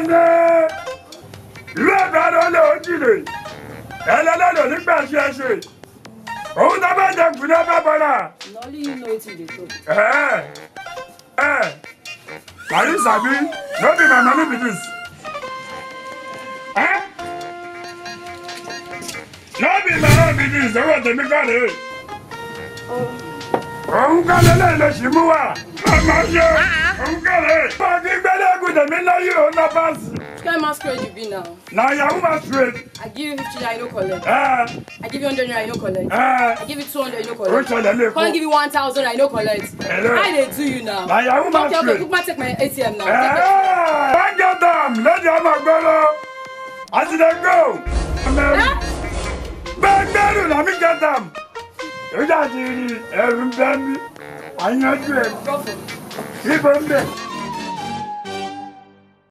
ẹni ìlú ìbàdàn lè ó jìnnà ẹlẹ́lẹ́lẹ́ nígbà tí ẹ ṣe òun tó bá jẹ kùnà bá bọ́lá. ẹ ẹ kàrí sàbí no be my money be this. ẹ no be my money be this owó tèmi kọ́ rèé. Oh. òun kọ́ lélẹ́yìn lè ṣì mú wa ọmọ ṣe ah, ah. òun kọ́ rèé with them in you on the bus. Which kind of masquerade you be now? Now Yahoo masquerade. I give you 50 naira, you no collect. Uh, I give you 100 naira, you no collect. Uh, I give you 200, you no collect. Which one they give you 1,000, I no collect. Hello. I they do you now? Now Yahoo masquerade. Come take my ATM now. Uh, Thank you, damn. Lady Amagbolo. I see them go. Bẹ́ẹ̀ gbẹ́rù làmí gẹ́tàm. Ìjà ti rí ẹ̀rù bẹ́ẹ̀ mi. Àyànjú ẹ̀. Ibo ń bẹ̀.